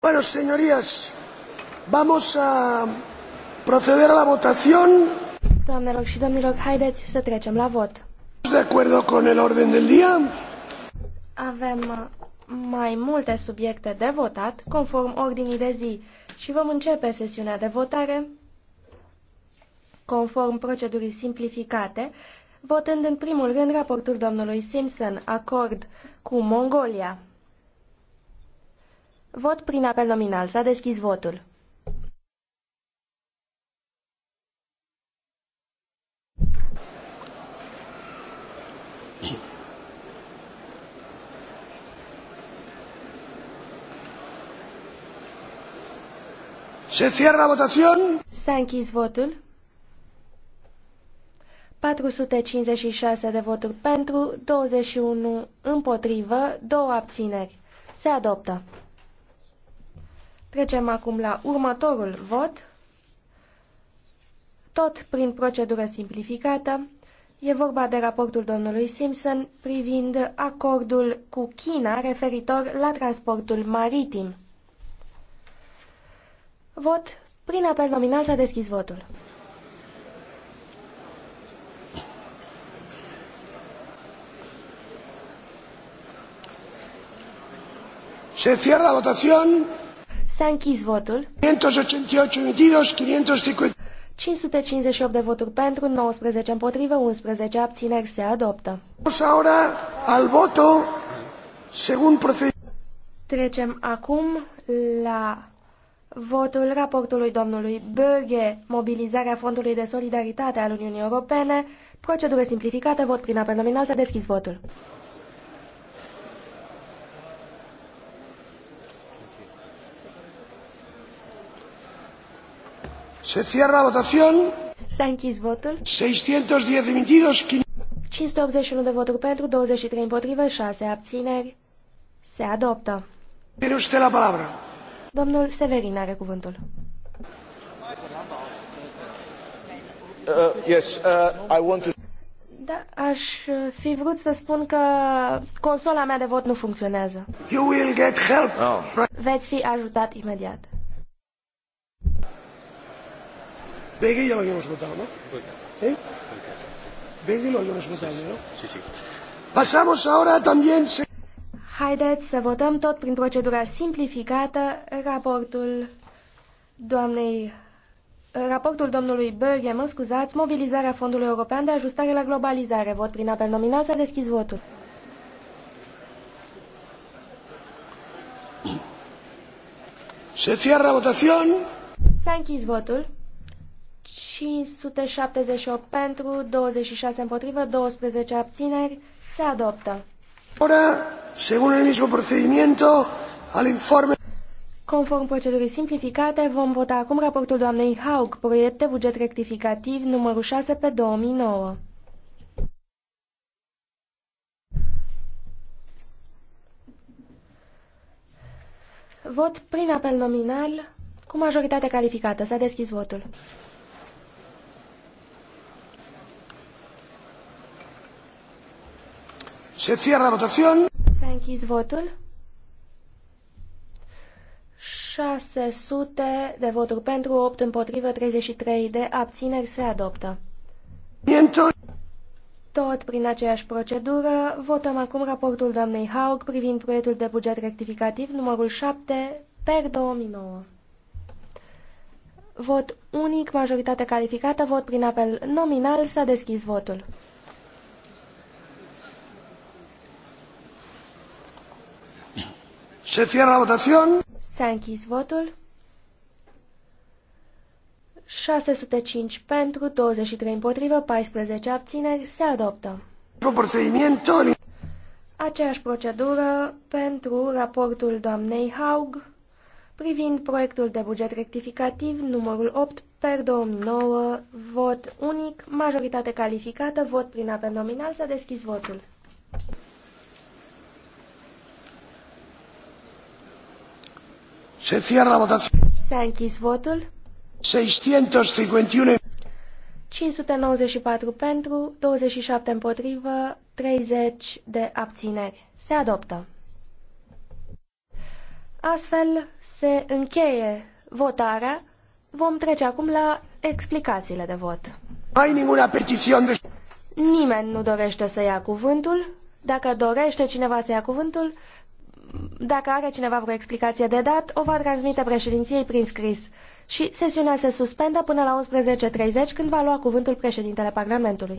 Bueno, señorías, vamos a proceder a la votación. Doamnelor și domnilor, haideți să trecem la vot. De acuerdo con el orden del día. Avem uh, mai multe subiecte de votat, conform ordinii de zi, și vom începe sesiunea de votare conform procedurii simplificate, votând în primul rând raportul domnului Simpson, acord cu Mongolia. Vot prin apel nominal. S-a deschis votul. Se cierra votación. S-a închis votul. 456 de voturi pentru, 21 împotrivă, 2 abțineri. Se adoptă. Trecem acum la următorul vot. Tot prin procedură simplificată, e vorba de raportul domnului Simpson privind acordul cu China referitor la transportul maritim. Vot prin apel nominal s-a deschis votul. Se cierra la votación. S-a închis votul. 558 de voturi pentru, 19 împotrivă, 11 abțineri se adoptă. al voto según Trecem acum la votul raportului domnului Böge, mobilizarea Fondului de Solidaritate al Uniunii Europene, procedură simplificată, vot prin apel nominal, s-a deschis votul. Se cierra votación. S-a închis votul. 610 dimitidos. 581 de voturi pentru, 23 împotrivă, 6 abțineri. Se adoptă. Tiene usted la palabra. Domnul Severin are cuvântul. Uh, yes, uh, I want to... Da, aș fi vrut să spun că consola mea de vot nu funcționează. You will get help. Oh. Veți fi ajutat imediat. Begui ya lo habíamos votado, ¿no? ¿Eh? Begui lo habíamos votado, ¿no? Sí, sí. Pasamos ahora también... Haideți să votăm tot prin procedura simplificată raportul doamnei Raportul domnului Berghe, mă scuzați, mobilizarea Fondului European de Ajustare la Globalizare. Vot prin apel nominal, s-a deschis votul. Se cierra votación. S-a închis votul. 578 pentru, 26 împotrivă, 12 abțineri. Se adoptă. Ora, según el mismo procedimiento, al informe... Conform procedurii simplificate, vom vota acum raportul doamnei Haug, proiect de buget rectificativ numărul 6 pe 2009. Vot prin apel nominal cu majoritate calificată. S-a deschis votul. Se cierra votación. S-a închis votul. 600 de voturi pentru, 8 împotrivă, 33 de abțineri se adoptă. Tot prin aceeași procedură, votăm acum raportul doamnei Haug privind proiectul de buget rectificativ numărul 7 per 2009. Vot unic, majoritate calificată, vot prin apel nominal, s-a deschis votul. Se cierra la votación. S-a închis votul. 605 pentru, 23 împotrivă, 14 abțineri, se adoptă. Aceeași procedură pentru raportul doamnei Haug privind proiectul de buget rectificativ numărul 8 per 2009, vot unic, majoritate calificată, vot prin apel nominal, s-a deschis votul. Se cierra la votación. S-a închis votul. 651. 594 pentru, 27 împotrivă, 30 de abțineri. Se adoptă. Astfel se încheie votarea. Vom trece acum la explicațiile de vot. Ai Nimeni nu dorește să ia cuvântul. Dacă dorește cineva să ia cuvântul, dacă are cineva vreo explicație de dat, o va transmite președinției prin scris. Și sesiunea se suspendă până la 11.30 când va lua cuvântul președintele Parlamentului.